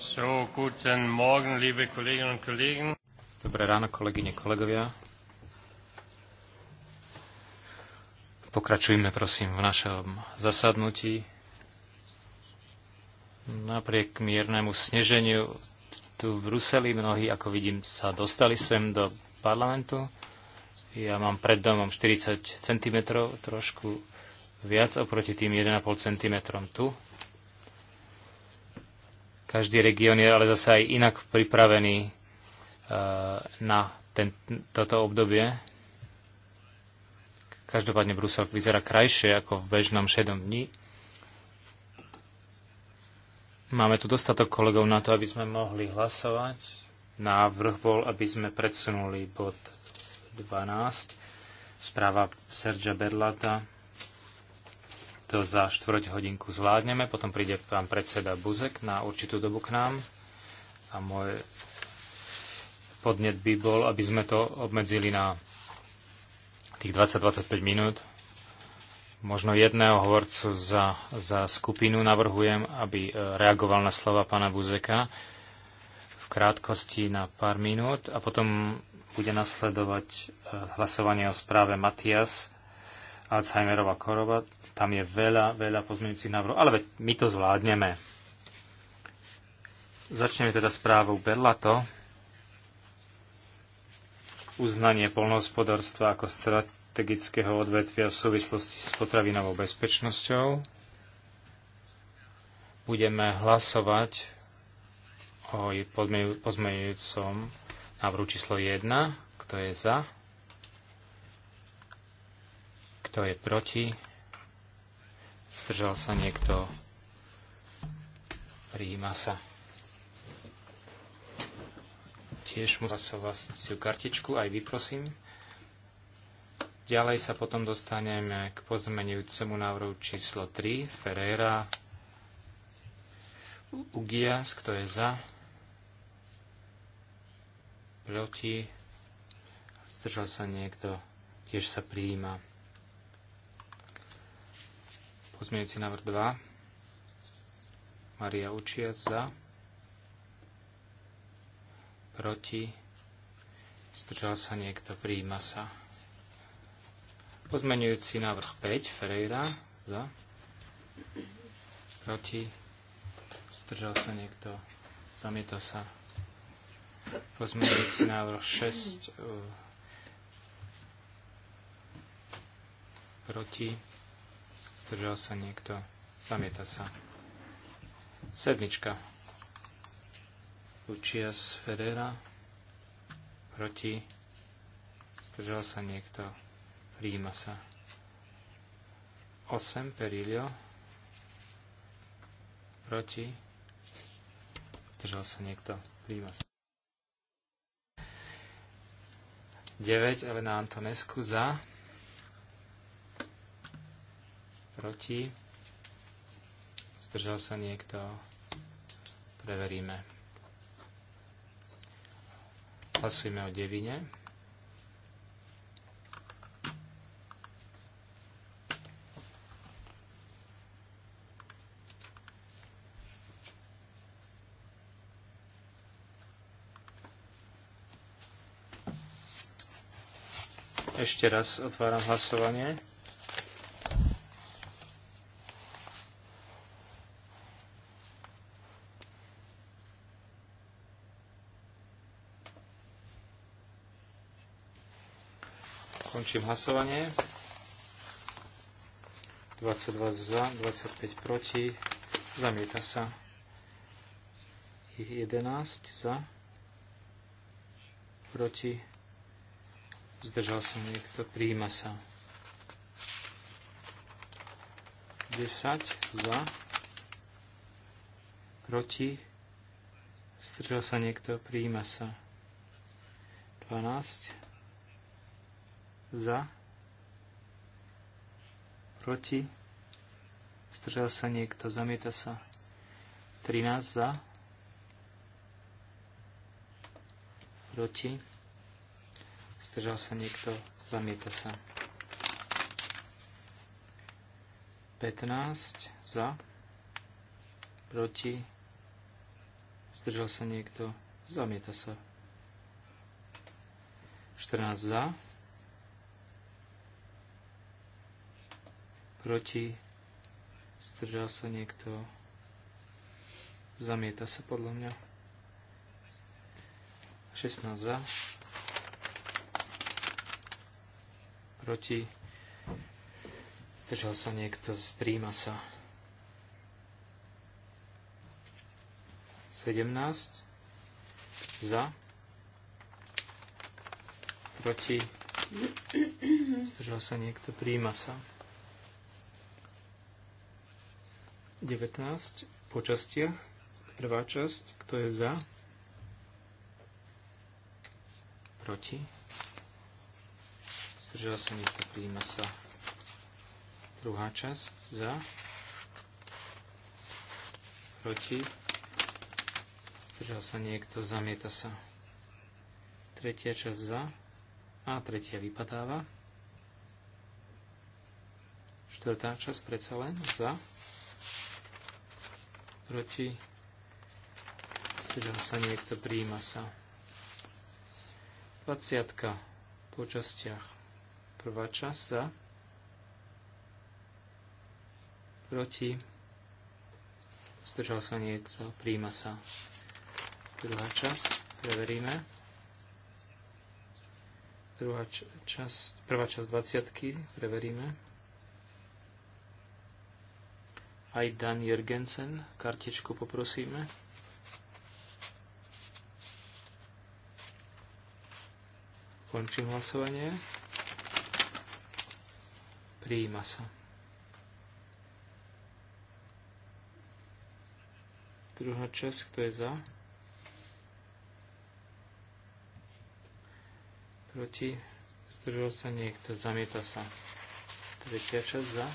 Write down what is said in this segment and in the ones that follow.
So, guten Morgen, liebe Kolleginnen und Kollegen. Dobré ráno, kolegyne, kolegovia. Pokračujme, prosím, v našom zasadnutí. Napriek miernemu sneženiu tu v Bruseli mnohí, ako vidím, sa dostali sem do parlamentu. Ja mám pred domom 40 cm, trošku viac oproti tým 1,5 cm tu. Každý región je ale zase aj inak pripravený eh, na ten, toto obdobie. Každopádne Brusel vyzerá krajšie ako v bežnom šedom dni. Máme tu dostatok kolegov na to, aby sme mohli hlasovať. Návrh bol, aby sme predsunuli bod 12, správa Sergia Berlata to za štvrť hodinku zvládneme, potom príde pán predseda Buzek na určitú dobu k nám a môj podnet by bol, aby sme to obmedzili na tých 20-25 minút. Možno jedného hovorcu za, za skupinu navrhujem, aby e, reagoval na slova pána Buzeka v krátkosti na pár minút a potom bude nasledovať e, hlasovanie o správe Matias Alzheimerova Korova. Tam je veľa, veľa pozmeňujúcich návrhov, ale veď my to zvládneme. Začneme teda správou Berlato. Uznanie polnohospodárstva ako strategického odvetvia v súvislosti s potravinovou bezpečnosťou. Budeme hlasovať o pozmeňujúcom návrhu číslo 1. Kto je za? Kto je proti? Zdržal sa niekto? Prijíma sa. Tiež mu hlasovaciu kartičku aj vyprosím. Ďalej sa potom dostaneme k pozmenujúcemu návrhu číslo 3 Ferreira Ugias, kto je za, proti, zdržal sa niekto, tiež sa prijíma. Pozmienujúci návrh 2. Maria Učiac za. Proti. Zdržal sa niekto. Príjima sa. Pozmenujúci návrh 5. Ferreira za. Proti. Zdržal sa niekto. Zamieta sa. Pozmenujúci návrh 6. Eh, proti Zdržal sa niekto? Zamieta sa. Sedmička. Lucias Ferreira. Proti. Zdržal sa niekto? Príjima sa. 8. Perilio. Proti. Zdržal sa niekto? Príjima sa. 9. Elena Antonescu za. Proti? Zdržal sa niekto? Preveríme. Hlasujeme o devine. Ešte raz otváram hlasovanie. Končím hlasovanie. 22 za, 25 proti. Zamieta sa. 11 za. Proti. Zdržal sa niekto. Príjima sa. 10 za. Proti. Zdržal sa niekto. Príjima sa. 12 za, proti, zdržal sa niekto, zamieta sa 13 za, proti, zdržal sa niekto, zamieta sa 15 za, proti, zdržal sa niekto, zamieta sa 14 za, proti, zdržal sa niekto, zamieta sa podľa mňa. 16 za, proti, zdržal sa niekto, zpríjma sa. 17 za proti zdržal sa niekto, príjma sa 19 po častiach. Prvá časť, kto je za? Proti? Zdržal sa niekto, príjima sa. Druhá časť, za? Proti? Zdržal sa niekto, zamieta sa. Tretia časť za a tretia vypadáva. Štvrtá časť predsa len za proti, zdržal sa niekto, príjima sa. 20 po častiach. Prvá časť za, proti, zdržal sa niekto, príjima sa. Druhá časť, preveríme. Druhá časť, prvá časť 20 preveríme. Aj Dan Jergensen, kartičku poprosíme. Končím hlasovanie. Prijíma sa. Druhá časť, kto je za? Proti? Zdržal sa niekto, zamieta sa. Tretia časť za?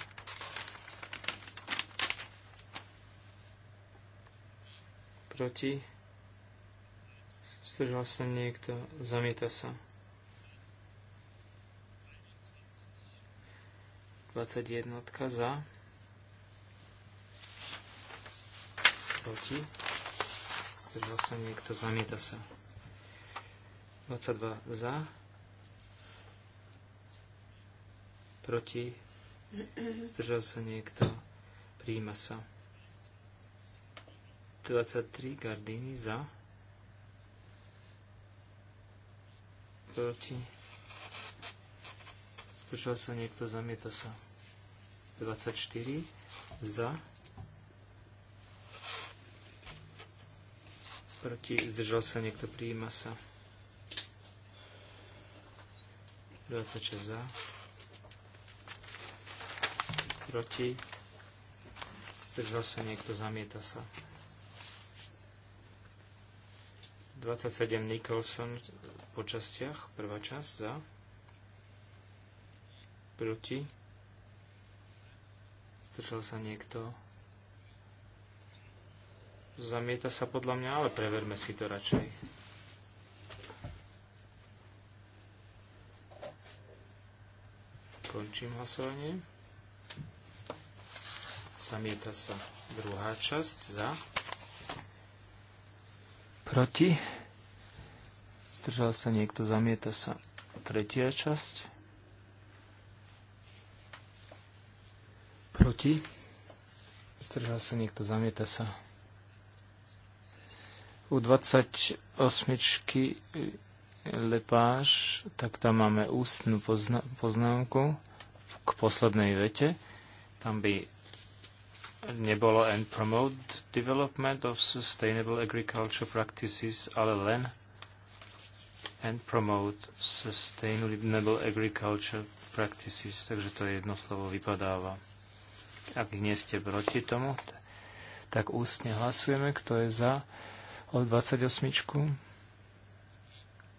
proti, zdržal sa niekto, zamieta sa. 21 za, proti, zdržal sa niekto, zamieta sa. 22 za, proti, zdržal sa niekto, príjima sa. 23 Gardini za. Proti. Zdržal sa niekto, zamieta sa. 24 za. Proti. Zdržal sa niekto, prijíma sa. 26 za. Proti. Zdržal sa niekto, zamieta sa. 27 Nicholson po častiach, prvá časť za, proti, strčal sa niekto, zamieta sa podľa mňa, ale preverme si to radšej. Končím hlasovanie. Zamieta sa druhá časť za. Proti? Zdržal sa niekto, zamieta sa. Tretia časť. Proti? Zdržal sa niekto, zamieta sa. U 28 Lepáš, tak tam máme ústnu poznámku k poslednej vete. Tam by nebolo and promote development of sustainable agriculture practices, ale len and promote sustainable agriculture practices. Takže to jedno slovo vypadáva. Ak nie ste proti tomu, tak ústne hlasujeme, kto je za o 28.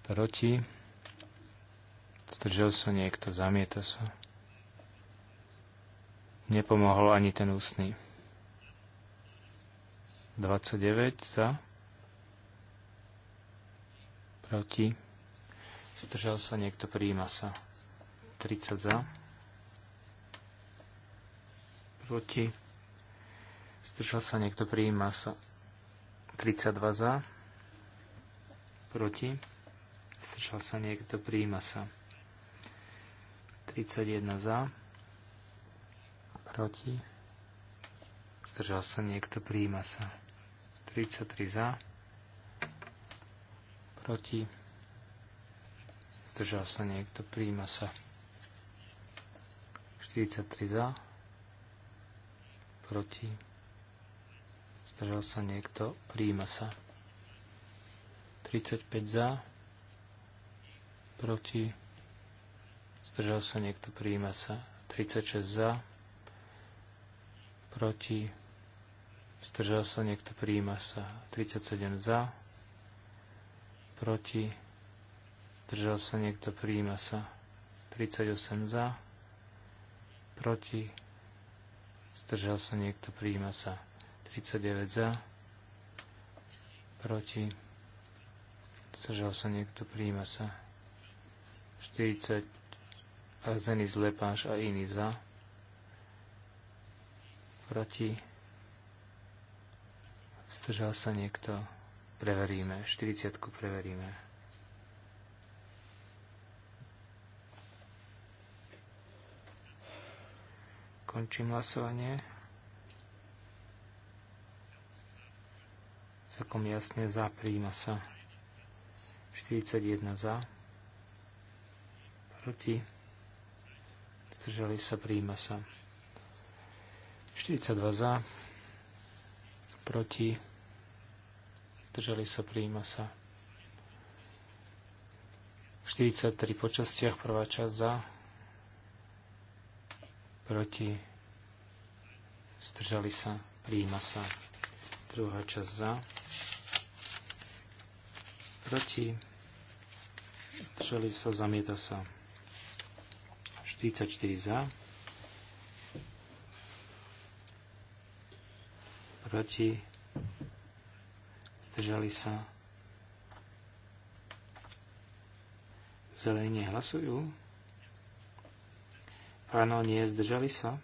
Proti. Zdržal sa niekto, zamieta sa. Nepomohol ani ten ústny. 29 za. Proti. Zdržal sa niekto, prijíma sa. 30 za. Proti. Zdržal sa niekto, prijíma sa. 32 za. Proti. Zdržal sa niekto, prijíma sa. 31 za. Proti. Zdržal sa niekto, prijíma sa. 33 za, proti, zdržal sa niekto, príjma sa 43 za, proti, zdržal sa niekto, príjma sa 35 za, proti, zdržal sa niekto, príjma sa 36 za, proti, Zdržal sa niekto, prijíma sa. 37 za. Proti. Zdržal sa niekto, prijíma sa. 38 za. Proti. Zdržal sa niekto, prijíma sa. 39 za. Proti. Zdržal sa niekto, prijíma sa. 40 a Lepáš a iný za. Proti Zdržal sa niekto? Preveríme. 40 preveríme. Končím hlasovanie. Celkom jasne za, príjima sa. 41 za. Proti. Zdržali sa, príjima sa. 42 za. Proti zdržali sa, prijíma sa. 43 počastiach, prvá časť za, proti, zdržali sa, prijíma sa. Druhá časť za, proti, zdržali sa, zamieta sa. 44 za, proti, zdržali sa. Zelení nehlasujú. Áno, nie, zdržali sa.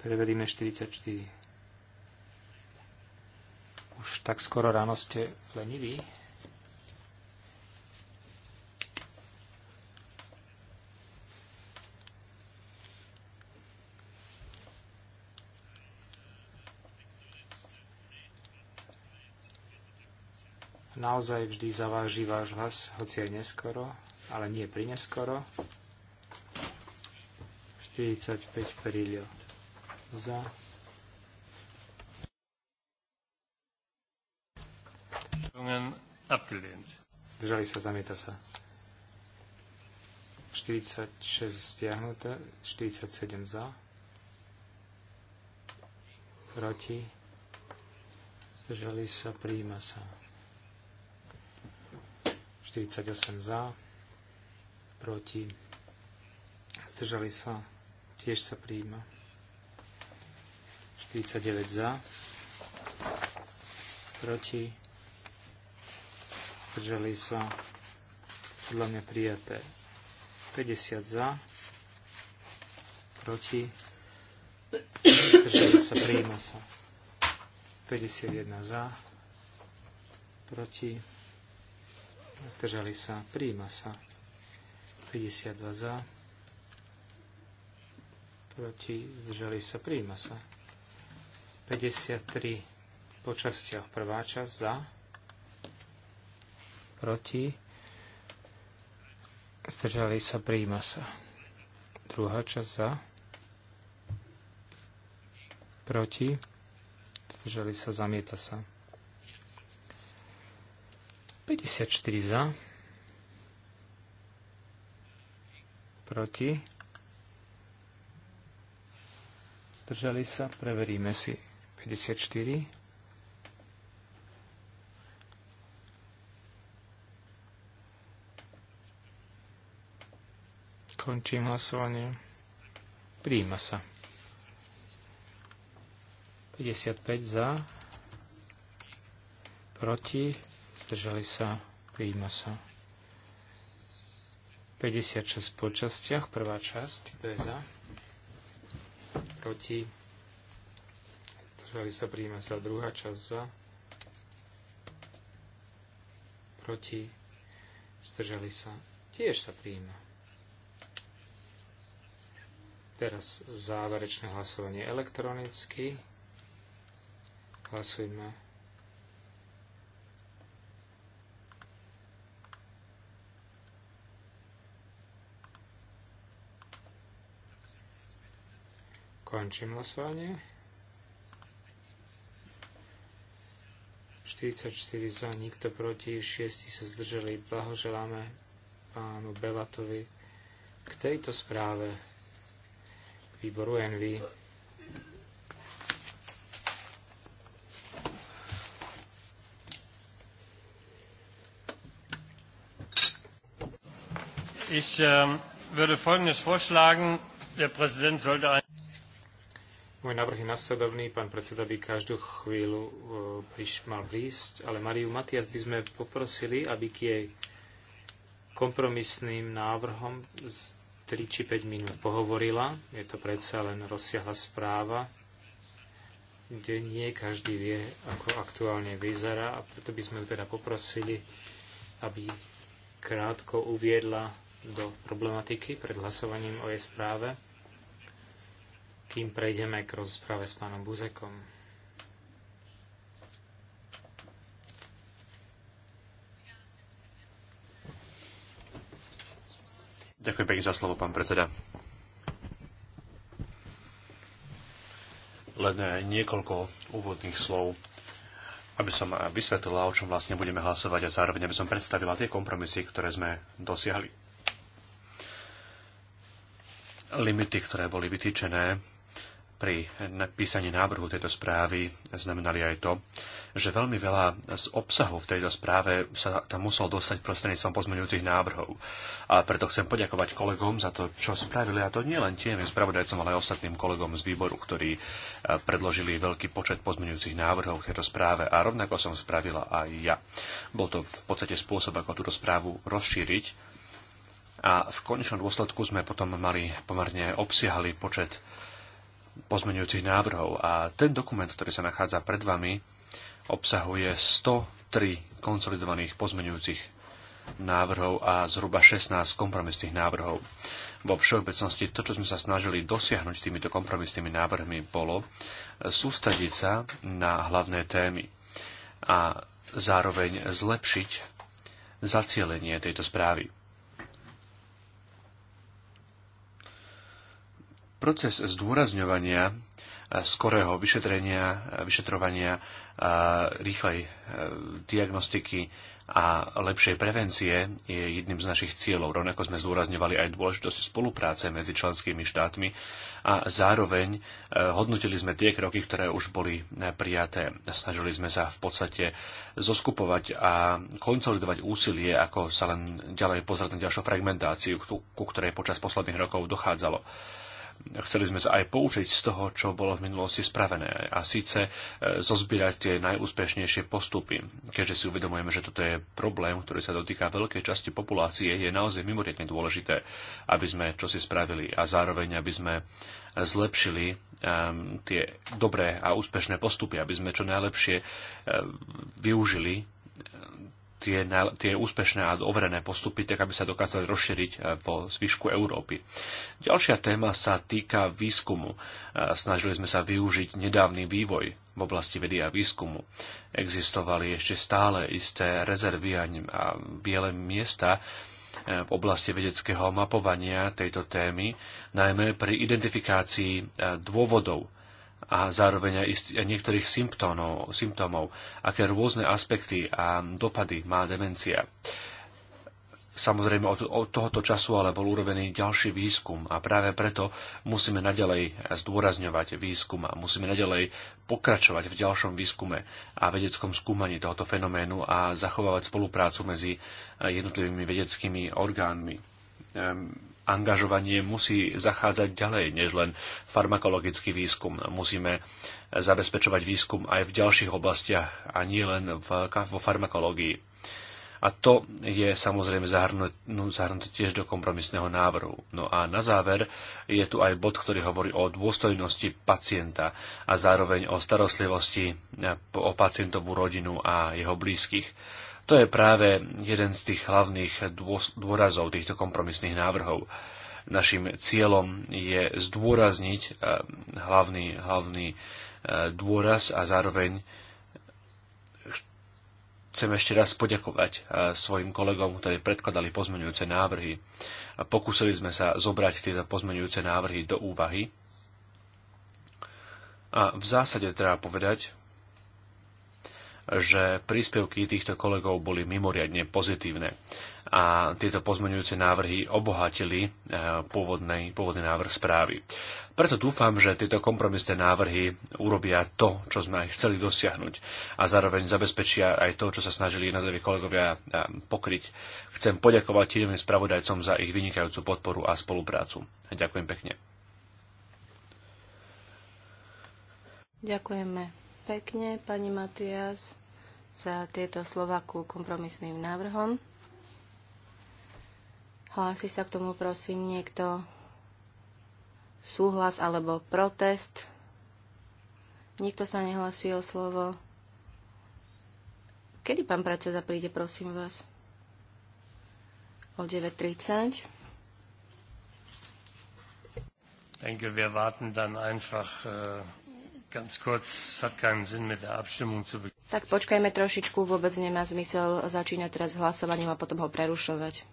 Preveríme 44. Už tak skoro ráno ste leniví. naozaj vždy zaváži váš hlas, hoci aj neskoro, ale nie pri neskoro. 45 perilio za. Zdržali sa, zamieta sa. 46 stiahnuté, 47 za. Proti. Zdržali sa, prijíma sa. 48 za, proti, zdržali sa, tiež sa prijíma, 49 za, proti, zdržali sa, podľa mňa prijaté. 50 za, proti, zdržali sa, prijíma sa. 51 za, proti, zdržali sa, príjima sa. 52 za, proti, zdržali sa, príjima sa. 53 po častiach, prvá časť za, proti, zdržali sa, príjima sa. Druhá časť za, proti, zdržali sa, zamieta sa. 54 za. Proti. Zdržali sa. Preveríme si 54. Končím hlasovanie. Príjima sa. 55 za. Proti zdržali sa, prijíma sa. 56 počastiach, prvá časť, kto je za, proti, zdržali sa, prijíma sa, druhá časť za, proti, zdržali sa, tiež sa prijíma. Teraz záverečné hlasovanie elektronicky. Hlasujme Končím hlasovanie. 44 za, nikto proti, 6 sa zdržali. Blahoželáme pánu Belatovi k tejto správe výboru NV. Ich ähm, würde Folgendes vorschlagen. Der Präsident sollte ein môj návrh je nasledovný. Pán predseda by každú chvíľu e, priš, mal prísť, ale Mariu Matias by sme poprosili, aby k jej kompromisným návrhom z 3 či 5 minút pohovorila. Je to predsa len rozsiahla správa, kde nie každý vie, ako aktuálne vyzerá a preto by sme teda poprosili, aby krátko uviedla do problematiky pred hlasovaním o jej správe kým prejdeme k rozprave s pánom Buzekom. Ďakujem pekne za slovo, pán predseda. Len niekoľko úvodných slov, aby som vysvetlila, o čom vlastne budeme hlasovať a zároveň aby som predstavila tie kompromisy, ktoré sme dosiahli. Limity, ktoré boli vytýčené pri napísaní návrhu tejto správy znamenali aj to, že veľmi veľa z obsahu v tejto správe sa tam musel dostať prostredníctvom pozmeňujúcich návrhov. A preto chcem poďakovať kolegom za to, čo spravili, a to nie len tiem spravodajcom, ale aj ostatným kolegom z výboru, ktorí e, predložili veľký počet pozmeňujúcich návrhov v tejto správe a rovnako som spravila aj ja. Bol to v podstate spôsob, ako túto správu rozšíriť a v konečnom dôsledku sme potom mali pomerne obsiahly počet pozmeňujúcich návrhov a ten dokument, ktorý sa nachádza pred vami, obsahuje 103 konsolidovaných pozmeňujúcich návrhov a zhruba 16 kompromisných návrhov. Vo všeobecnosti to, čo sme sa snažili dosiahnuť týmito kompromisnými návrhmi, bolo sústrediť sa na hlavné témy a zároveň zlepšiť zacielenie tejto správy. Proces zdôrazňovania e, skorého vyšetrenia, e, vyšetrovania e, rýchlej diagnostiky a lepšej prevencie je jedným z našich cieľov. Rovnako sme zdôrazňovali aj dôležitosť spolupráce medzi členskými štátmi a zároveň hodnotili sme tie kroky, ktoré už boli prijaté. Snažili sme sa v podstate zoskupovať a konsolidovať úsilie, ako sa len ďalej pozrieť na ďalšiu fragmentáciu, ku ktorej počas posledných rokov dochádzalo. Chceli sme sa aj poučiť z toho, čo bolo v minulosti spravené a síce e, zozbierať tie najúspešnejšie postupy. Keďže si uvedomujeme, že toto je problém, ktorý sa dotýka veľkej časti populácie, je naozaj mimoriadne dôležité, aby sme čo si spravili a zároveň, aby sme zlepšili e, tie dobré a úspešné postupy, aby sme čo najlepšie e, využili tie, tie úspešné a overené postupy, tak aby sa dokázali rozšíriť eh, vo zvyšku Európy. Ďalšia téma sa týka výskumu. Eh, snažili sme sa využiť nedávny vývoj v oblasti vedy a výskumu. Existovali ešte stále isté rezervy a biele miesta eh, v oblasti vedeckého mapovania tejto témy, najmä pri identifikácii dôvodov a zároveň aj niektorých symptómov, symptómov, aké rôzne aspekty a dopady má demencia. Samozrejme, od, tohoto času ale bol urobený ďalší výskum a práve preto musíme nadalej zdôrazňovať výskum a musíme nadalej pokračovať v ďalšom výskume a vedeckom skúmaní tohoto fenoménu a zachovávať spoluprácu medzi jednotlivými vedeckými orgánmi ehm, angažovanie musí zachádzať ďalej než len farmakologický výskum. Musíme zabezpečovať výskum aj v ďalších oblastiach a nie len v, vo farmakológii. A to je samozrejme zahrnuté, zahrnuté tiež do kompromisného návrhu. No a na záver je tu aj bod, ktorý hovorí o dôstojnosti pacienta a zároveň o starostlivosti o pacientovú rodinu a jeho blízkych to je práve jeden z tých hlavných dôrazov týchto kompromisných návrhov. Našim cieľom je zdôrazniť eh, hlavný, hlavný eh, dôraz a zároveň chcem ešte raz poďakovať eh, svojim kolegom, ktorí predkladali pozmeňujúce návrhy. Pokúsili sme sa zobrať tieto pozmeňujúce návrhy do úvahy. A v zásade treba povedať, že príspevky týchto kolegov boli mimoriadne pozitívne a tieto pozmeňujúce návrhy obohatili e, pôvodný, pôvodný návrh správy. Preto dúfam, že tieto kompromisné návrhy urobia to, čo sme aj chceli dosiahnuť a zároveň zabezpečia aj to, čo sa snažili jednotliví kolegovia e, pokryť. Chcem poďakovať tým spravodajcom za ich vynikajúcu podporu a spoluprácu. Ďakujem pekne. Ďakujeme pekne, pani Matias za tieto slova ku kompromisným návrhom. Hlási sa k tomu, prosím, niekto súhlas alebo protest. Nikto sa nehlasí o slovo. Kedy pán predseda príde, prosím vás? O 9.30. Denke, wir warten dann einfach äh, tak počkajme trošičku, vôbec nemá zmysel začínať teraz s hlasovaním a potom ho prerušovať.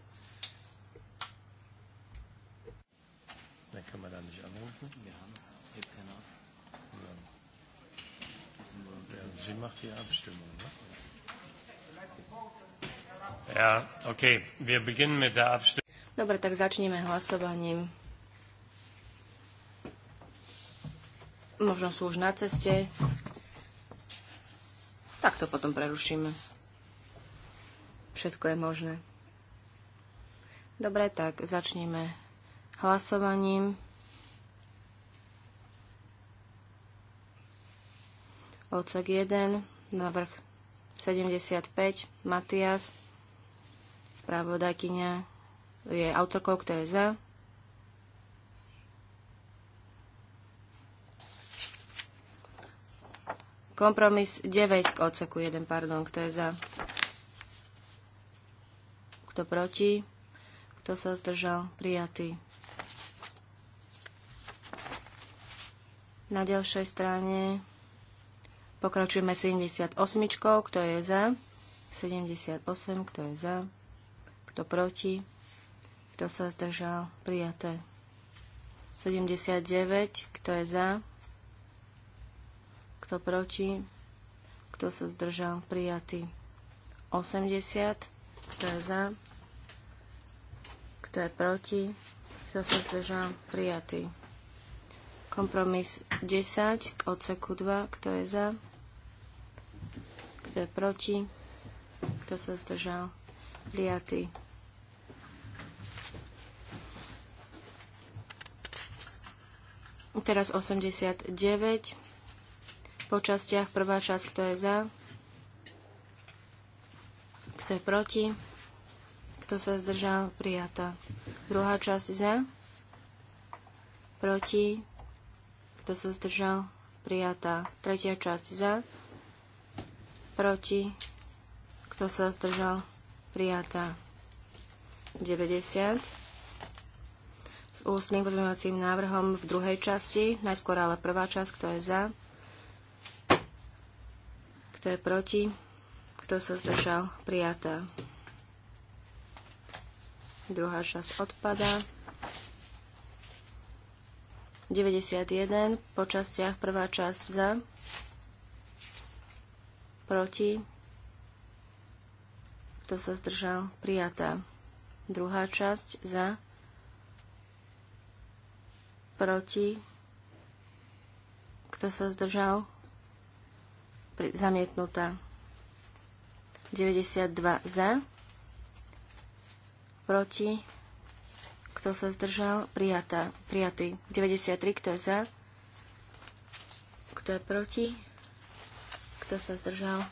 Sie macht die Abstimmung. Ja, okay. Wir beginnen mit der Abstimmung. Dobre, tak začneme hlasovaním. Možno sú už na ceste. Tak to potom prerušíme. Všetko je možné. Dobre, tak začneme hlasovaním. Ocek 1, navrh 75, Matias, správodajkynia je autorkou, kto je za, Kompromis 9 k odseku 1, pardon, kto je za. Kto proti? Kto sa zdržal? Prijatý. Na ďalšej strane pokračujeme 78, kto je za. 78, kto je za. Kto proti? Kto sa zdržal? Prijaté. 79, kto je za. Kto proti? Kto sa zdržal? Prijatý. 80. Kto je za? Kto je proti? Kto sa zdržal? Prijatý. Kompromis 10 k odseku 2. Kto je za? Kto je proti? Kto sa zdržal? Prijatý. Teraz 89 po častiach prvá časť, kto je za, kto je proti, kto sa zdržal, prijatá. Druhá časť za, proti, kto sa zdržal, prijatá. Tretia časť za, proti, kto sa zdržal, prijatá. 90 s ústnym pozmeňovacím návrhom v druhej časti, najskôr ale prvá časť, kto je za, kto je proti? Kto sa zdržal? Prijatá. Druhá časť odpadá. 91 po častiach prvá časť za proti kto sa zdržal prijatá druhá časť za proti kto sa zdržal zamietnutá. 92 za, proti, kto sa zdržal, prijatá, prijatý. 93, kto je za, kto je proti, kto sa zdržal,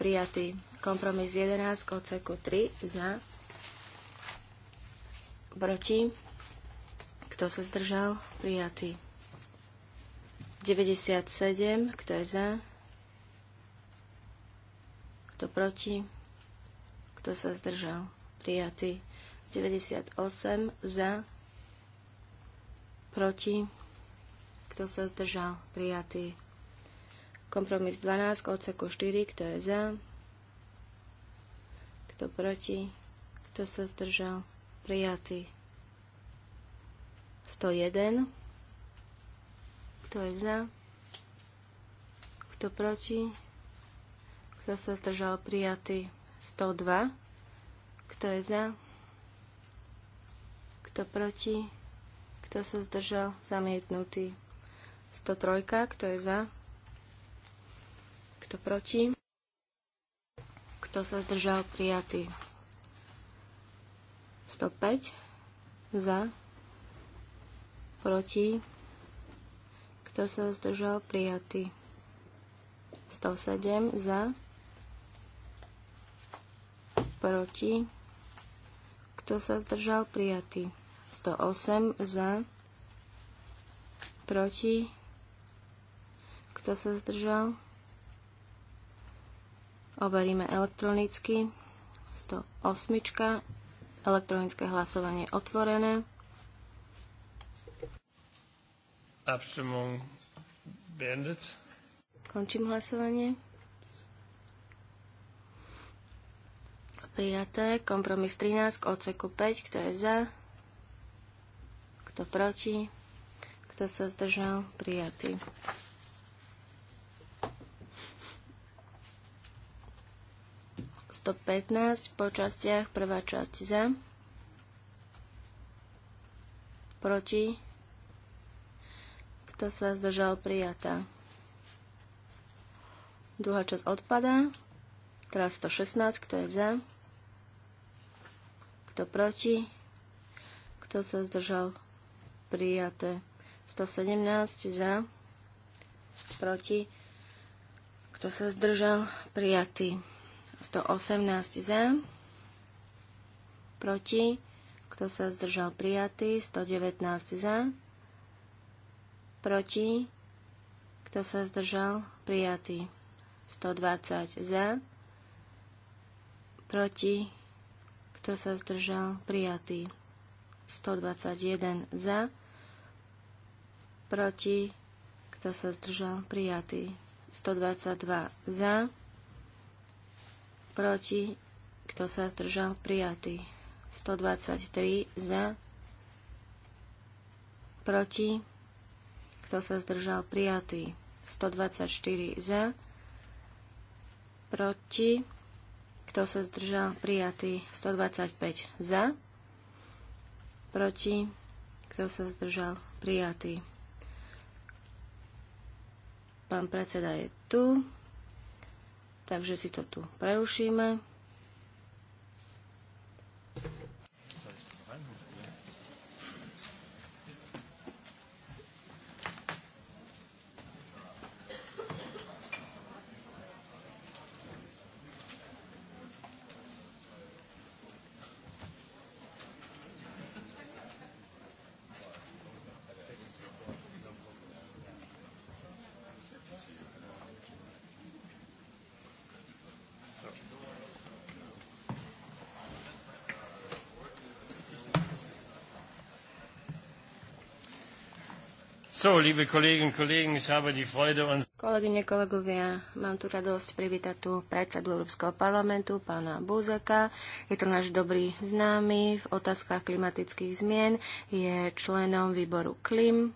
prijatý. Kompromis 11 k 3 za, proti, kto sa zdržal, prijatý. 97, kto je za, kto proti? Kto sa zdržal? Prijatý. 98 za. Proti. Kto sa zdržal? Prijatý. Kompromis 12 k odseku 4. Kto je za? Kto proti? Kto sa zdržal? Prijatý. 101. Kto je za? Kto proti? Kto sa zdržal? Prijatý. 102. Kto je za? Kto proti? Kto sa zdržal? Zamietnutý. 103. Kto je za? Kto proti? Kto sa zdržal? Prijatý. 105. Za. Proti. Kto sa zdržal? Prijatý. 107. Za proti, kto sa zdržal, prijatý. 108 za, proti, kto sa zdržal, overíme elektronicky. 108. Elektronické hlasovanie otvorené. Abstimmung beendet. Končím hlasovanie. prijaté. Kompromis 13 k odseku 5, kto je za, kto proti, kto sa zdržal, prijatý. Sto 15 po častiach, prvá časť za, proti, kto sa zdržal, prijatá. Druhá časť odpadá. Teraz 116, kto je za? Kto proti? Kto sa zdržal? Prijaté. 117 za. Proti. Kto sa zdržal? Prijatý. 118 za. Proti. Kto sa zdržal? Prijatý. 119 za. Proti. Kto sa zdržal? Prijatý. 120 za. Proti kto sa zdržal, prijatý. 121 za, proti, kto sa zdržal, prijatý. 122 za, proti, kto sa zdržal, prijatý. 123 za, proti, kto sa zdržal, prijatý. 124 za, proti, kto sa zdržal? Prijatý. 125 za. Proti. Kto sa zdržal? Prijatý. Pán predseda je tu, takže si to tu prerušíme. So, liebe Kolleginnen und Kollegen, ich habe die Freude und... Kolegyne, kolegovia, mám tu radosť privítať tu predsedu Európskeho parlamentu, pána Buzeka. Je to náš dobrý známy v otázkach klimatických zmien. Je členom výboru KLIM.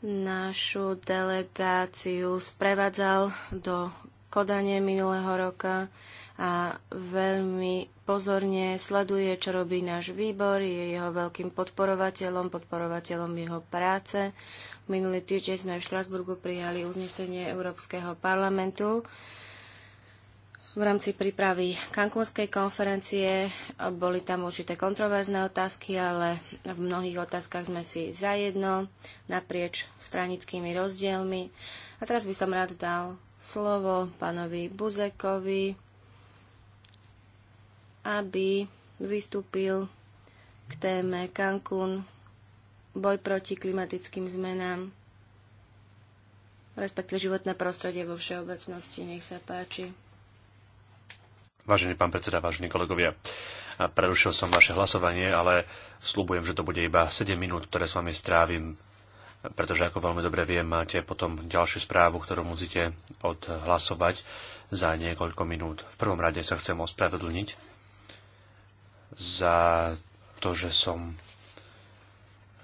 Našu delegáciu sprevádzal do Kodane minulého roka a veľmi pozorne sleduje, čo robí náš výbor, je jeho veľkým podporovateľom, podporovateľom jeho práce. Minulý týždeň sme v Štrasburgu prijali uznesenie Európskeho parlamentu v rámci prípravy Cancúnskej konferencie. Boli tam určité kontroverzné otázky, ale v mnohých otázkach sme si zajedno naprieč stranickými rozdielmi. A teraz by som rád dal slovo pánovi Buzekovi, aby vystúpil k téme Cancún, boj proti klimatickým zmenám, respektíve životné prostredie vo všeobecnosti. Nech sa páči. Vážený pán predseda, vážení kolegovia, prerušil som vaše hlasovanie, ale slúbujem, že to bude iba 7 minút, ktoré s vami strávim, pretože ako veľmi dobre viem, máte potom ďalšiu správu, ktorú musíte odhlasovať za niekoľko minút. V prvom rade sa chcem ospravedlniť za to, že som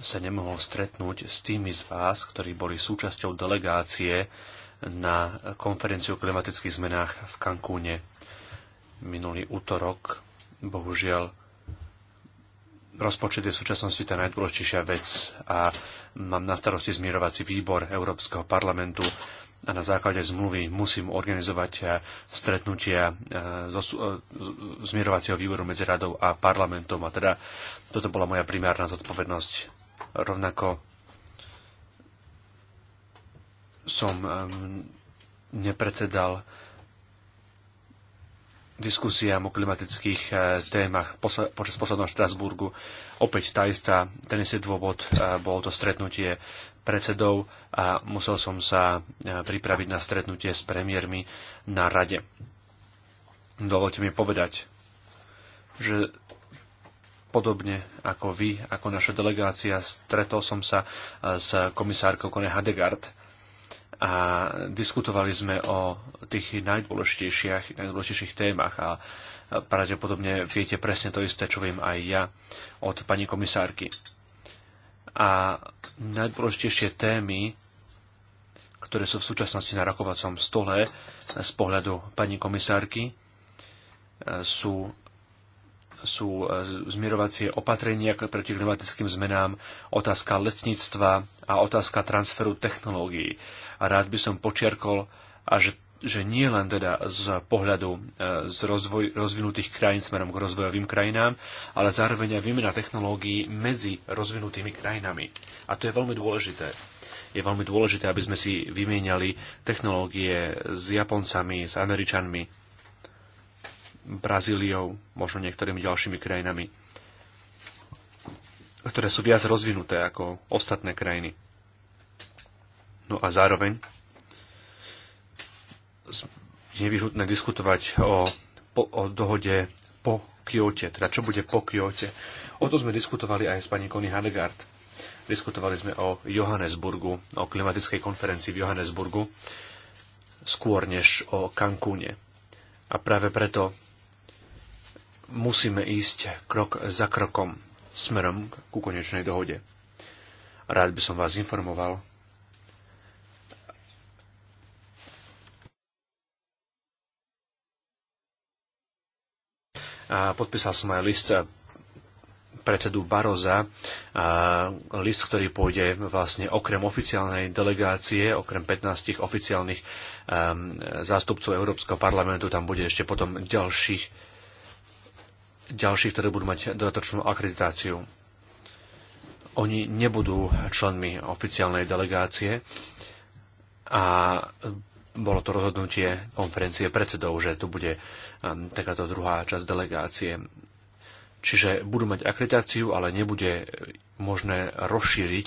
sa nemohol stretnúť s tými z vás, ktorí boli súčasťou delegácie na konferenciu o klimatických zmenách v Cancúne. Minulý útorok, bohužiaľ, rozpočet je v súčasnosti tá najdôležitejšia vec a mám na starosti zmierovací výbor Európskeho parlamentu a na základe zmluvy musím organizovať eh, stretnutia eh, zo, eh, zmierovacieho výboru medzi radou a parlamentom. A teda toto bola moja primárna zodpovednosť. Rovnako som ehm, nepredsedal diskusiám o klimatických témach počas posledného Štrasburgu. Opäť tá istá, ten istý dôvod, bolo to stretnutie predsedov a musel som sa e, pripraviť na stretnutie s premiérmi na rade. Dovolte mi povedať, že podobne ako vy, ako naša delegácia, stretol som sa e, s komisárkou Kone Hadegard a diskutovali sme o tých najdôležitejších, najdôležitejších témach a e, pravdepodobne viete presne to isté, čo viem aj ja od pani komisárky a najdôležitejšie témy, ktoré sú v súčasnosti na rakovacom stole z pohľadu pani komisárky, e, sú, sú e, zmierovacie opatrenia proti klimatickým zmenám, otázka lesníctva a otázka transferu technológií. A rád by som počiarkol, a že že nie len teda z pohľadu e, z rozvoj, rozvinutých krajín smerom k rozvojovým krajinám, ale zároveň aj výmena technológií medzi rozvinutými krajinami. A to je veľmi dôležité. Je veľmi dôležité, aby sme si vymieniali technológie s Japoncami, s Američanmi, Brazíliou, možno niektorými ďalšími krajinami, ktoré sú viac rozvinuté ako ostatné krajiny. No a zároveň je nevyhnutné diskutovať o, po, o dohode po Kyote, teda čo bude po Kyote. O to sme diskutovali aj s pani Connie Hadegaard. Diskutovali sme o Johannesburgu, o klimatickej konferencii v Johannesburgu, skôr než o Cancúne. A práve preto musíme ísť krok za krokom smerom ku konečnej dohode. Rád by som vás informoval, a podpísal som aj list predsedu Baroza, list, ktorý pôjde vlastne okrem oficiálnej delegácie, okrem 15 oficiálnych um, zástupcov Európskeho parlamentu, tam bude ešte potom ďalších, ďalších ktoré budú mať dodatočnú akreditáciu. Oni nebudú členmi oficiálnej delegácie a bolo to rozhodnutie konferencie predsedov, že tu bude um, takáto druhá časť delegácie. Čiže budú mať akreditáciu, ale nebude možné rozšíriť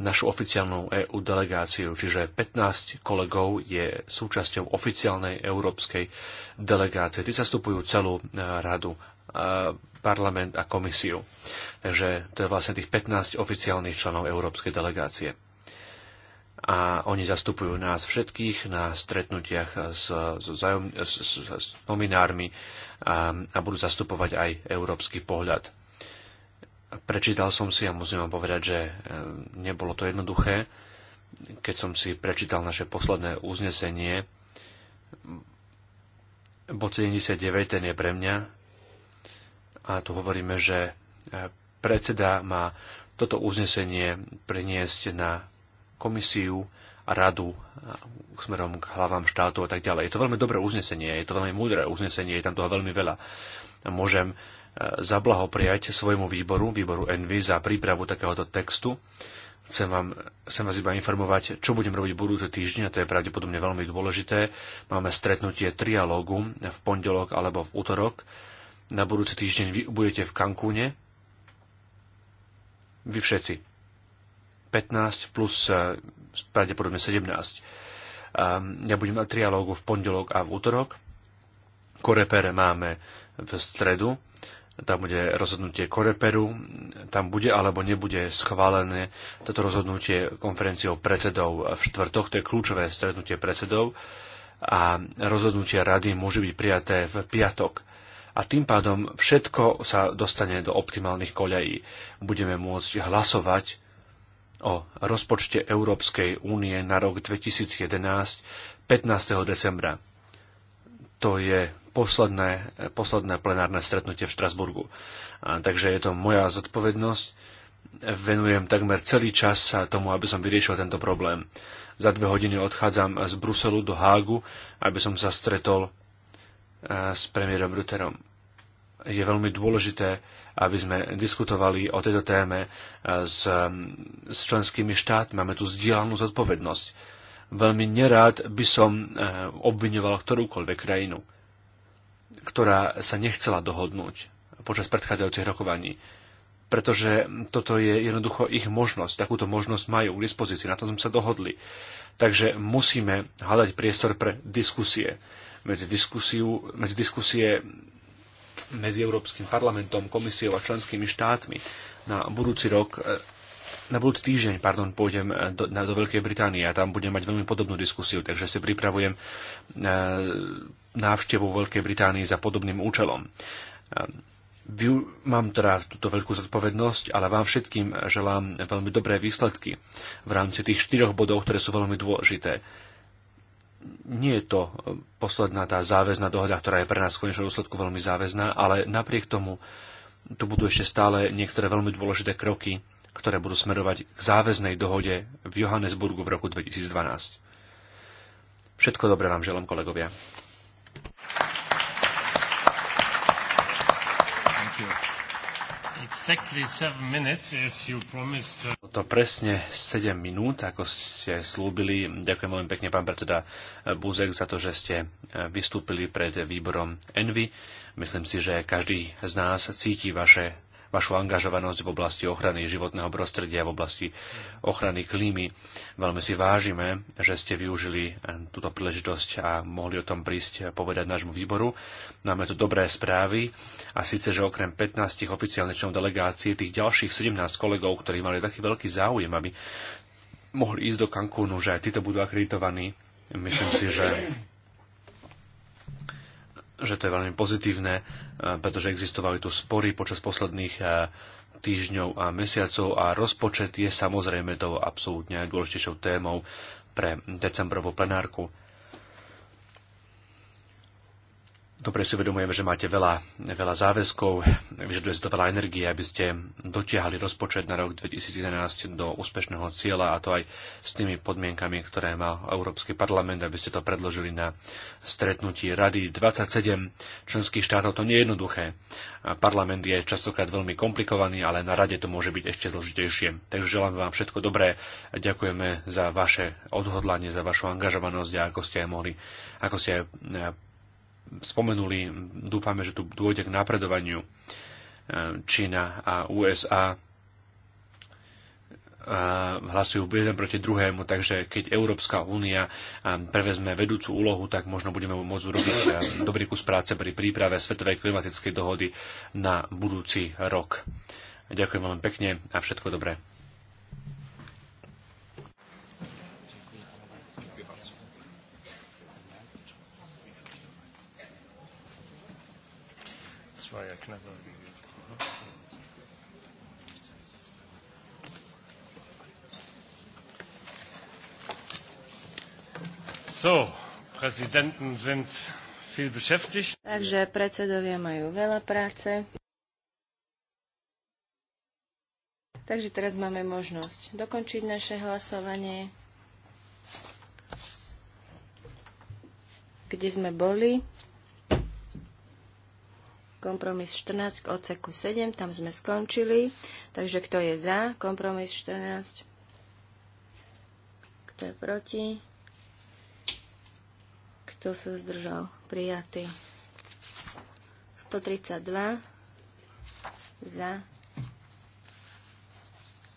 našu oficiálnu EU delegáciu. Čiže 15 kolegov je súčasťou oficiálnej európskej delegácie. Tí zastupujú celú e, radu e, parlament a komisiu. Takže to je vlastne tých 15 oficiálnych členov európskej delegácie a oni zastupujú nás všetkých na stretnutiach s, s, zájom, s, s, s nominármi a, um, a budú zastupovať aj európsky pohľad. Prečítal som si a musím vám povedať, že um, nebolo to jednoduché. Keď som si prečítal naše posledné uznesenie, bod 79, ten je pre mňa, a tu hovoríme, že uh, predseda má toto uznesenie priniesť na komisiu a radu smerom k hlavám štátu a tak ďalej. Je to veľmi dobré uznesenie, je to veľmi múdre uznesenie, je tam toho veľmi veľa. Môžem e, zablahopriať svojmu výboru, výboru Envy, za prípravu takéhoto textu. Chcem, vám, chcem vás iba informovať, čo budem robiť budúce týždeň, a to je pravdepodobne veľmi dôležité. Máme stretnutie trialógu v pondelok alebo v útorok. Na budúci týždeň vy budete v Cancúne. Vy všetci 15 plus eh, pravdepodobne 17. Ehm, ja budem na trialógu v pondelok a v útorok. Korepere máme v stredu, tam bude rozhodnutie Koreperu, tam bude alebo nebude schválené toto rozhodnutie konferenciou predsedov v štvrtok, to je kľúčové stretnutie predsedov a rozhodnutie rady môže byť prijaté v piatok a tým pádom všetko sa dostane do optimálnych koľají. Budeme môcť hlasovať o rozpočte Európskej únie na rok 2011 15. decembra. To je posledné, posledné plenárne stretnutie v Štrasburgu. A, takže je to moja zodpovednosť. Venujem takmer celý čas tomu, aby som vyriešil tento problém. Za dve hodiny odchádzam z Bruselu do Hágu, aby som sa stretol eh, s premiérom Ruterom je veľmi dôležité, aby sme diskutovali o tejto téme eh, s, s členskými štátmi. Máme tu zdieľanú zodpovednosť. Veľmi nerád by som eh, obvinoval ktorúkoľvek krajinu, ktorá sa nechcela dohodnúť počas predchádzajúcich rokovaní. Pretože toto je jednoducho ich možnosť. Takúto možnosť majú k dispozícii. Na tom sme sa dohodli. Takže musíme hľadať priestor pre diskusie. Medzi, diskusiu, medzi diskusie medzi Európskym parlamentom, komisiou a členskými štátmi na budúci rok e, na budúci týždeň pardon, pôjdem e, do, na, do Veľkej Británie a tam budem mať veľmi podobnú diskusiu, takže si pripravujem e, návštevu Veľkej Británii za podobným účelom. E, vy, mám teda túto veľkú zodpovednosť, ale vám všetkým želám veľmi dobré výsledky v rámci tých štyroch bodov, ktoré sú veľmi dôležité nie je to e, posledná tá záväzná dohoda, ktorá je pre nás v konečnom dôsledku veľmi záväzná, ale napriek tomu tu budú ešte stále niektoré veľmi dôležité kroky, ktoré budú smerovať k záväznej dohode v Johannesburgu v roku 2012. Všetko dobré vám želám, kolegovia. To presne 7 minút, ako ste slúbili. Ďakujem veľmi pekne, pán predseda Búzek, za to, že ste e, vystúpili pred výborom Envy. Myslím si, že každý z nás cíti vaše vašu angažovanosť v oblasti ochrany životného prostredia, v oblasti ochrany klímy. Veľmi si vážime, že ste využili eh, túto príležitosť a mohli o tom prísť eh, povedať nášmu výboru. Máme tu dobré správy a síce, že okrem 15 oficiálnych členov delegácie, tých ďalších 17 kolegov, ktorí mali taký veľký záujem, aby mohli ísť do Cancúnu, že aj títo budú akreditovaní. Myslím si, že že to je veľmi pozitívne, e, pretože existovali tu spory počas posledných e, týždňov a mesiacov a rozpočet je samozrejme tou absolútne najdôležitejšou témou pre decembrovú plenárku. Dobre si uvedomujem, že máte veľa, veľa záväzkov, vyžaduje to veľa energie, aby ste dotiahli rozpočet na rok 2011 do úspešného cieľa a to aj s tými podmienkami, ktoré má Európsky parlament, aby ste to predložili na stretnutí Rady 27 členských štátov. To nie je jednoduché. Parlament je častokrát veľmi komplikovaný, ale na Rade to môže byť ešte zložitejšie. Takže želám vám všetko dobré. A ďakujeme za vaše odhodlanie, za vašu angažovanosť a ako ste aj mohli, ako ste aj spomenuli, dúfame, že tu dôjde k napredovaniu e, Čína a USA e, hlasujú jeden proti druhému, takže keď Európska únia e, prevezme vedúcu úlohu, tak možno budeme môcť urobiť dobrý kus práce pri príprave Svetovej klimatickej dohody na budúci rok. Ďakujem veľmi pekne a všetko dobré. So, sind viel beschäftigt. Takže predsedovia majú veľa práce. Takže teraz máme možnosť dokončiť naše hlasovanie, kde sme boli. Kompromis 14 k odseku 7, tam sme skončili. Takže kto je za kompromis 14? Kto je proti? Kto sa zdržal? Prijatý. 132 za,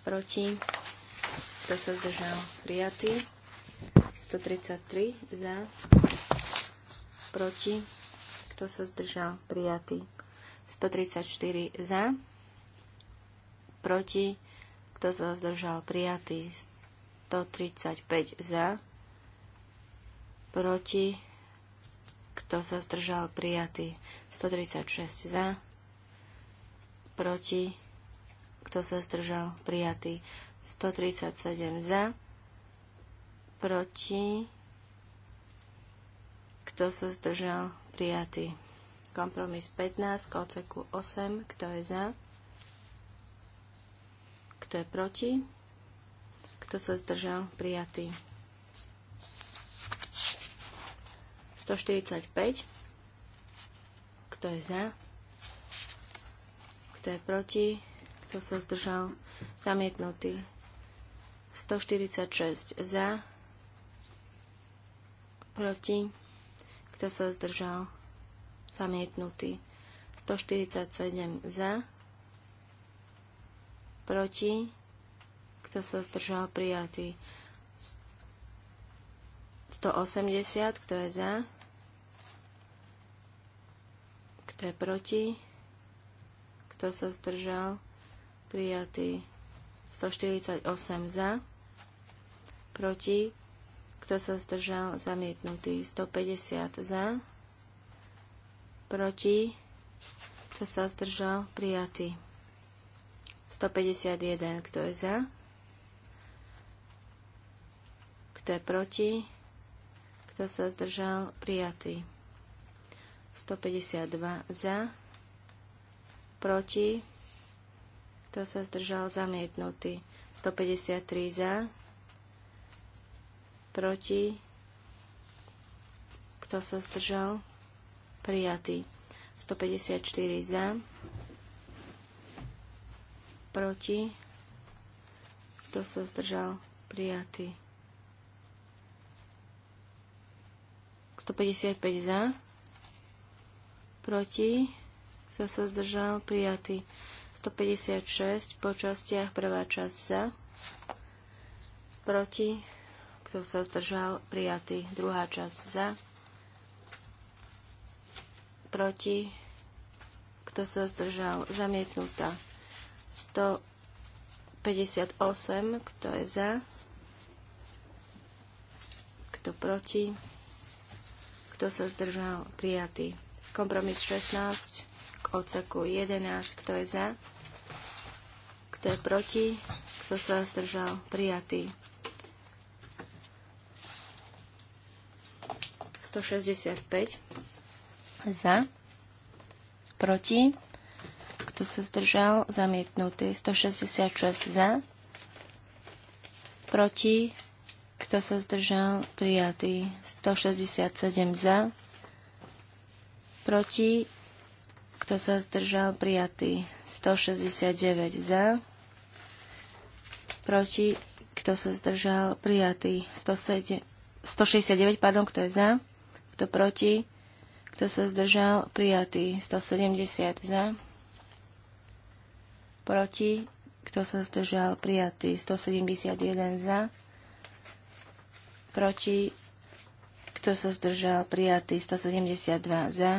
proti, kto sa zdržal? Prijatý. 133 za, proti, kto sa zdržal? Prijatý. 134 za, proti, kto sa zdržal? Prijatý. 135 za, proti, kto sa zdržal? Prijatý. 136 za. Proti. Kto sa zdržal? Prijatý. 137 za. Proti. Kto sa zdržal? Prijatý. Kompromis 15 koceku odseku 8. Kto je za? Kto je proti? Kto sa zdržal? Prijatý. 145. Kto je za? Kto je proti? Kto sa zdržal? Zamietnutý. 146 za. Proti. Kto sa zdržal? Zamietnutý. 147 za. Proti. Kto sa zdržal? Prijatý. 180. Kto je za? Kto je proti? Kto sa zdržal? Prijatý. 148 za. Proti. Kto sa zdržal? Zamietnutý. 150 za. Proti. Kto sa zdržal? Prijatý. 151. Kto je za? Kto je proti? Kto sa zdržal? Prijatý. 152 za, proti, kto sa zdržal zamietnutý, 153 za, proti, kto sa zdržal prijatý, 154 za, proti, kto sa zdržal prijatý. 155 za, proti, kto sa zdržal, prijatý. 156 po častiach, prvá časť za, proti, kto sa zdržal, prijatý. Druhá časť za, proti, kto sa zdržal, zamietnutá. 158, kto je za, kto proti, kto sa zdržal, prijatý. Kompromis 16 k odseku 11. Kto je za? Kto je proti? Kto sa zdržal? Prijatý. 165 za, proti, kto sa zdržal, zamietnutý. 166 za, proti, kto sa zdržal, prijatý. 167 za, proti, kto sa zdržal, prijatý. 169 za, proti, kto sa zdržal, prijatý. 107, 169, pardon, kto je za, kto proti, kto sa zdržal, prijatý. 170 za, proti, kto sa zdržal, prijatý. 171 za, proti, kto sa zdržal, prijatý 172 za,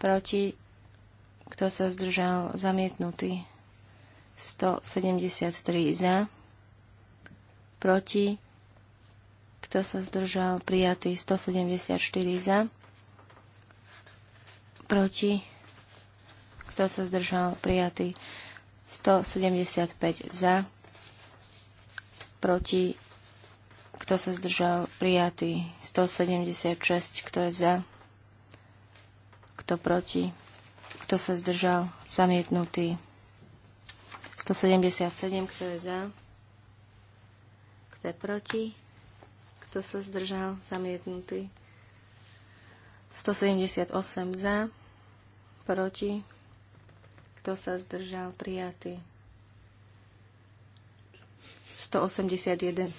proti, kto sa zdržal, zamietnutý. 173 za, proti, kto sa zdržal, prijatý. 174 za, proti, kto sa zdržal, prijatý. 175 za, proti, kto sa zdržal, prijatý. 176, kto je za, kto proti? Kto sa zdržal? Zamietnutý. 177. Kto je za? Kto je proti? Kto sa zdržal? Zamietnutý. 178 za. Proti? Kto sa zdržal? Prijatý. 181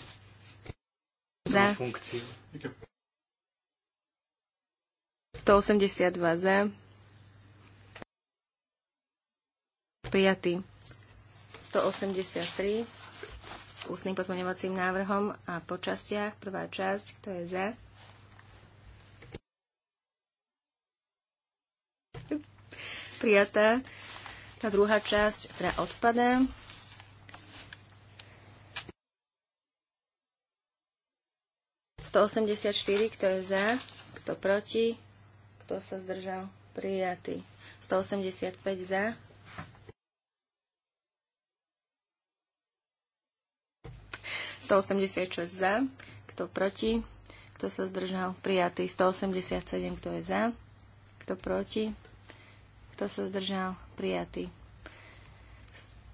za. Funkciu. 182 za. Prijatý. 183 s ústnym pozmeňovacím návrhom a po častiach. Prvá časť, kto je za? Prijatá. Tá druhá časť ktorá odpadá. kto je za, kto proti, kto sa zdržal? Prijatý. 185 za. 186 za. Kto proti? Kto sa zdržal? Prijatý. 187. Kto je za? Kto proti? Kto sa zdržal? Prijatý.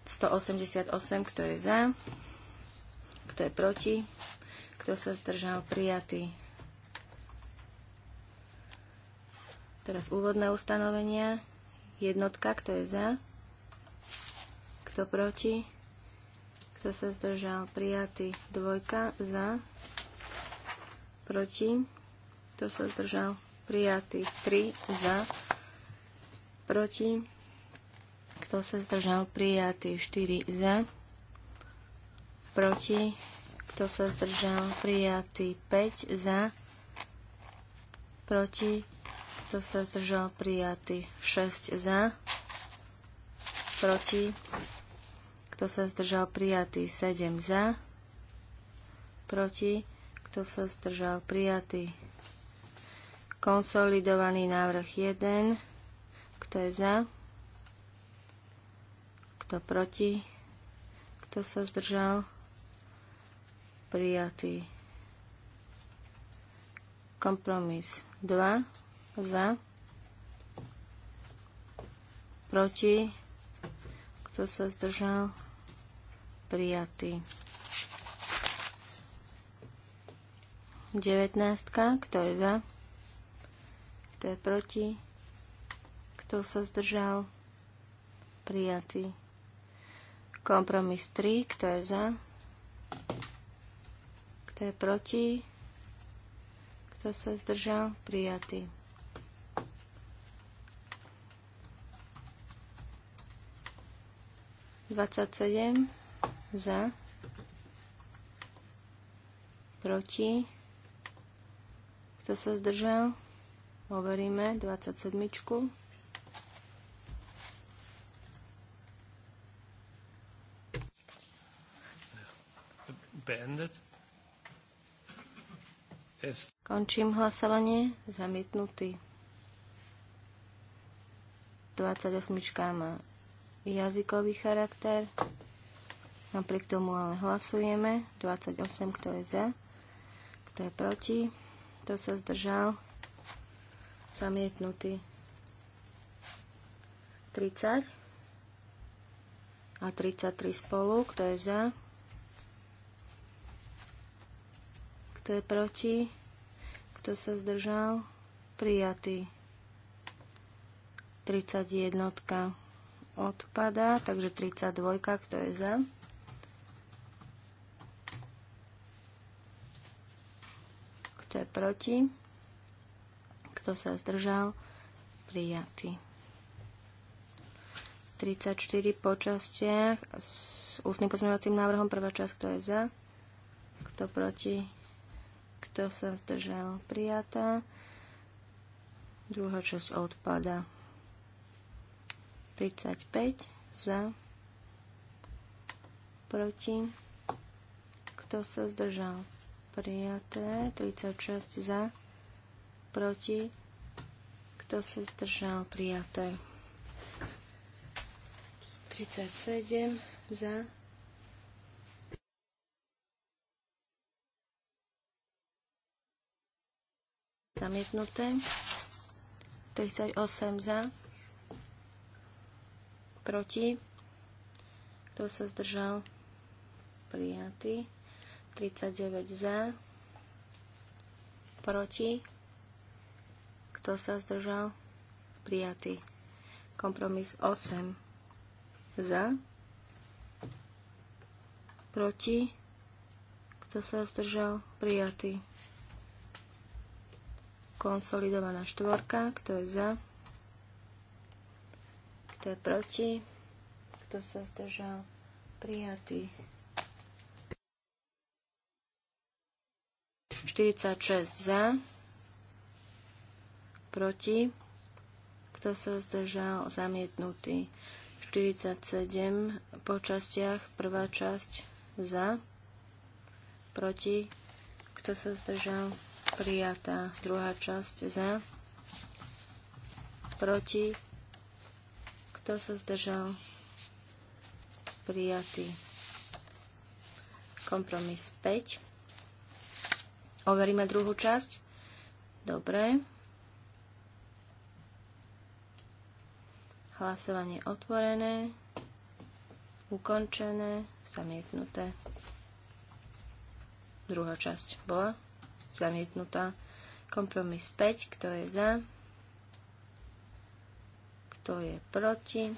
188. Kto je za? Kto je proti? Kto sa zdržal? Prijatý. Teraz úvodné ustanovenia. Jednotka, kto je za, kto proti, kto sa zdržal, prijatý. Dvojka, za, proti, kto sa zdržal, prijatý. 3 za, proti, kto sa zdržal, prijatý. 4 za, proti, kto sa zdržal, prijatý. 5 za, proti, kto sa zdržal prijatý? 6 za. Proti. Kto sa zdržal prijatý? 7 za. Proti. Kto sa zdržal prijatý? Konsolidovaný návrh 1. Kto je za? Kto proti? Kto sa zdržal? Prijatý kompromis 2 za, proti, kto sa zdržal, prijatý. 19. Kto je za? Kto je proti? Kto sa zdržal? Prijatý. Kompromis 3. Kto je za? Kto je proti? Kto sa zdržal? Prijatý. 27 za, proti, kto sa zdržal, overíme 27. Beendet. Končím hlasovanie. Zamietnutý. 28. má jazykový charakter. Napriek tomu ale hlasujeme. 28, kto je za, kto je proti, kto sa zdržal, zamietnutý. 30 a 33 spolu, kto je za, kto je proti, kto sa zdržal, prijatý. 31 odpadá, takže 32, kto je za. Kto je proti? Kto sa zdržal? Prijatý. 34 po častiach s ústnym pozmeňovacím návrhom. Prvá časť, kto je za? Kto proti? Kto sa zdržal? Prijatá. Druhá časť odpada. 35 za, proti, kto sa zdržal. Prijaté 36 za, proti, kto sa zdržal. Prijaté 37 za, zamietnuté. 38 za, proti, kto sa zdržal, prijatý, 39 za, proti, kto sa zdržal, prijatý, kompromis 8 za, proti, kto sa zdržal, prijatý konsolidovaná štvorka, kto je za, kto je proti? Kto sa zdržal? Prijatý. 46 za. Proti. Kto sa zdržal? Zamietnutý. 47 po častiach. Prvá časť za. Proti. Kto sa zdržal? Prijatá. Druhá časť za. Proti kto sa zdržal? Prijatý. Kompromis 5. Overíme druhú časť. Dobre. Hlasovanie otvorené, ukončené, zamietnuté. Druhá časť bola zamietnutá. Kompromis 5, kto je za? Kto je proti?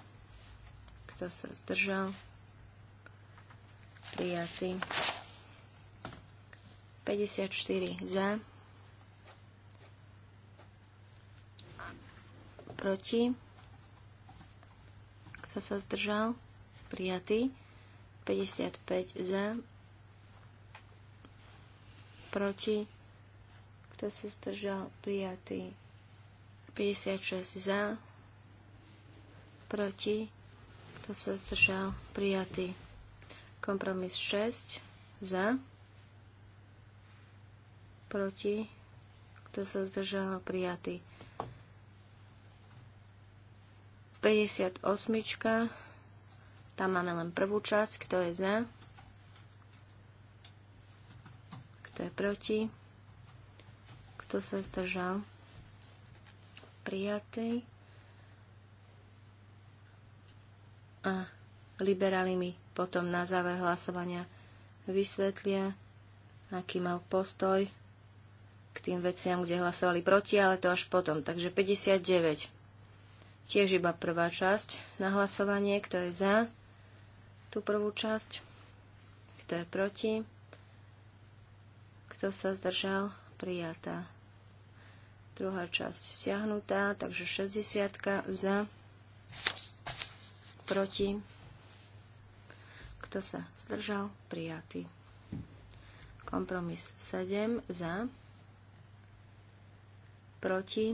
Kto sa zdržal? Prijatý. 54 za. Proti. Kto sa zdržal? Prijatý. 55 za. Proti. Kto sa zdržal? Prijatý. 56 za proti, kto sa zdržal, prijatý. Kompromis 6, za, proti, kto sa zdržal, prijatý. 58. Tam máme len prvú časť, kto je za, kto je proti, kto sa zdržal, prijatý. a liberáli mi potom na záver hlasovania vysvetlia, aký mal postoj k tým veciam, kde hlasovali proti, ale to až potom. Takže 59. Tiež iba prvá časť na hlasovanie. Kto je za tú prvú časť? Kto je proti? Kto sa zdržal? Prijatá. Druhá časť stiahnutá, takže 60 za proti, kto sa zdržal, prijatý. Kompromis 7 za, proti,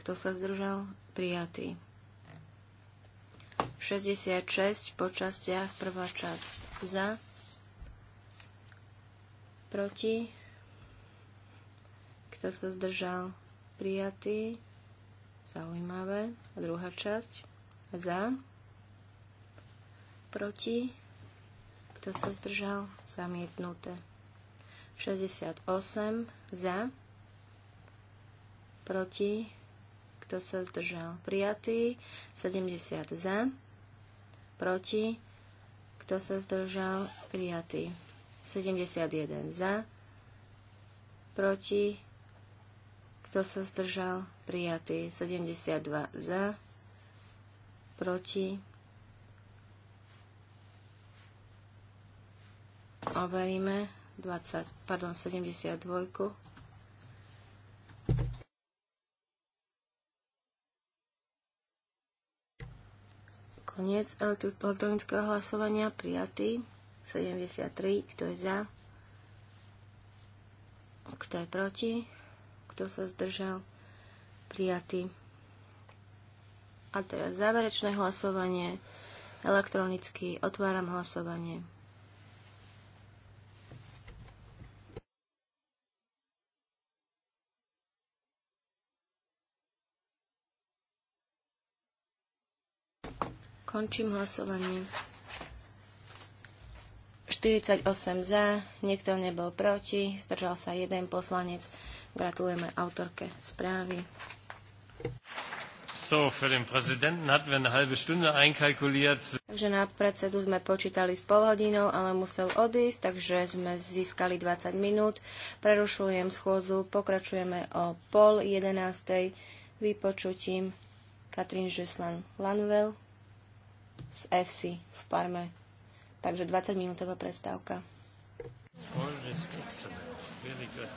kto sa zdržal, prijatý. 66 po častiach, prvá časť za, proti, kto sa zdržal, prijatý, zaujímavé, druhá časť za, proti, kto sa zdržal, zamietnuté. 68 za, proti, kto sa zdržal, prijatý, 70 za, proti, kto sa zdržal, prijatý, 71 za, proti, kto sa zdržal, prijatý, 72 za, proti. Overíme 20, pardon, 72. Koniec elektronického hlasovania prijatý. 73, kto je za, kto je proti, kto sa zdržal, prijatý. A teraz záverečné hlasovanie. Elektronicky otváram hlasovanie. Končím hlasovanie. 48 za, niekto nebol proti, zdržal sa jeden poslanec. Gratulujeme autorke správy. So, für den Präsidenten hatten wir eine halbe Stunde einkalkuliert. Takže na predsedu sme počítali s pol hodinou, ale musel odísť, takže sme získali 20 minút. Prerušujem schôzu, pokračujeme o pol jedenástej vypočutím Katrin Žeslan Lanvel z FC v Parme. Takže 20 minútová prestávka. Small is excellent, really good.